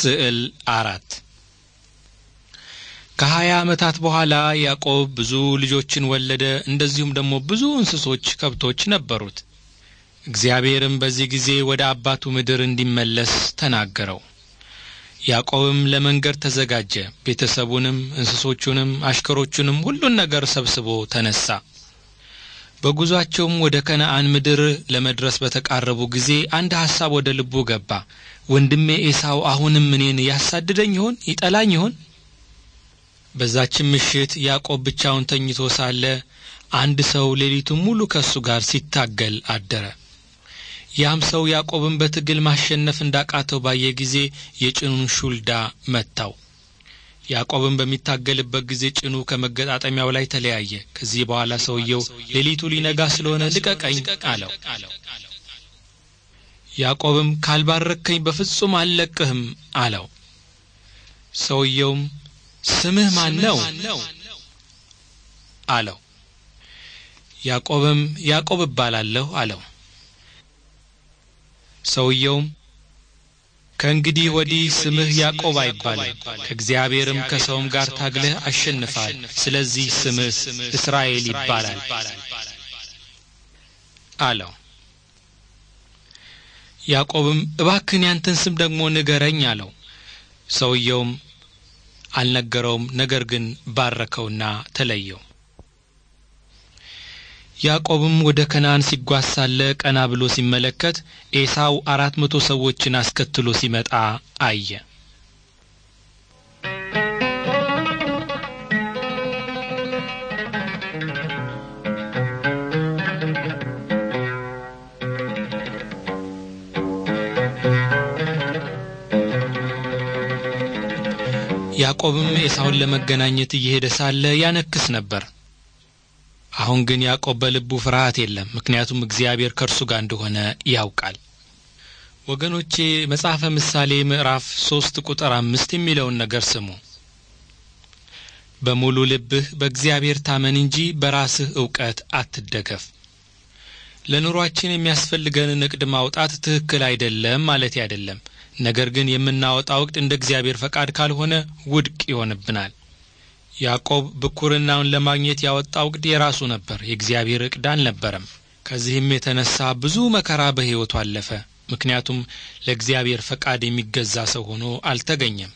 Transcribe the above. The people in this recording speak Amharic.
ስዕል አራት ከሀያ ዓመታት በኋላ ያዕቆብ ብዙ ልጆችን ወለደ። እንደዚሁም ደግሞ ብዙ እንስሶች፣ ከብቶች ነበሩት። እግዚአብሔርም በዚህ ጊዜ ወደ አባቱ ምድር እንዲመለስ ተናገረው። ያዕቆብም ለመንገድ ተዘጋጀ። ቤተሰቡንም፣ እንስሶቹንም፣ አሽከሮቹንም ሁሉን ነገር ሰብስቦ ተነሳ። በጉዟቸውም ወደ ከነአን ምድር ለመድረስ በተቃረቡ ጊዜ አንድ ሐሳብ ወደ ልቡ ገባ። ወንድሜ ኤሳው አሁንም እኔን ያሳድደኝ ይሆን? ይጠላኝ ይሆን? በዛችን ምሽት ያዕቆብ ብቻውን ተኝቶ ሳለ አንድ ሰው ሌሊቱን ሙሉ ከእሱ ጋር ሲታገል አደረ። ያም ሰው ያዕቆብን በትግል ማሸነፍ እንዳቃተው ባየ ጊዜ የጭኑን ሹልዳ መታው። ያዕቆብን በሚታገልበት ጊዜ ጭኑ ከመገጣጠሚያው ላይ ተለያየ። ከዚህ በኋላ ሰውየው ሌሊቱ ሊነጋ ስለሆነ ልቀቀኝ አለው። ያዕቆብም ካልባረከኝ በፍጹም አልለቅህም አለው። ሰውየውም ስምህ ማን ነው አለው። ያዕቆብም ያዕቆብ እባላለሁ አለው። ሰውየውም ከእንግዲህ ወዲህ ስምህ ያዕቆብ አይባል ከእግዚአብሔርም ከሰውም ጋር ታግለህ አሸንፋል። ስለዚህ ስምህ እስራኤል ይባላል አለው። ያዕቆብም እባክን ያንተን ስም ደግሞ ንገረኝ አለው። ሰውየውም አልነገረውም፣ ነገር ግን ባረከውና ተለየው። ያዕቆብም ወደ ከነአን ሲጓዝ ሳለ ቀና ብሎ ሲመለከት ኤሳው አራት መቶ ሰዎችን አስከትሎ ሲመጣ አየ። ያዕቆብም ኤሳውን ለመገናኘት እየሄደ ሳለ ያነክስ ነበር። አሁን ግን ያዕቆብ በልቡ ፍርሃት የለም፣ ምክንያቱም እግዚአብሔር ከእርሱ ጋር እንደሆነ ያውቃል። ወገኖቼ መጽሐፈ ምሳሌ ምዕራፍ ሶስት ቁጥር አምስት የሚለውን ነገር ስሙ። በሙሉ ልብህ በእግዚአብሔር ታመን እንጂ በራስህ እውቀት አትደገፍ። ለኑሯችን የሚያስፈልገንን እቅድ ማውጣት ትክክል አይደለም ማለት አይደለም። ነገር ግን የምናወጣው እቅድ እንደ እግዚአብሔር ፈቃድ ካልሆነ ውድቅ ይሆንብናል። ያዕቆብ ብኩርናውን ለማግኘት ያወጣው እቅድ የራሱ ነበር፣ የእግዚአብሔር እቅድ አልነበረም። ከዚህም የተነሳ ብዙ መከራ በሕይወቱ አለፈ። ምክንያቱም ለእግዚአብሔር ፈቃድ የሚገዛ ሰው ሆኖ አልተገኘም።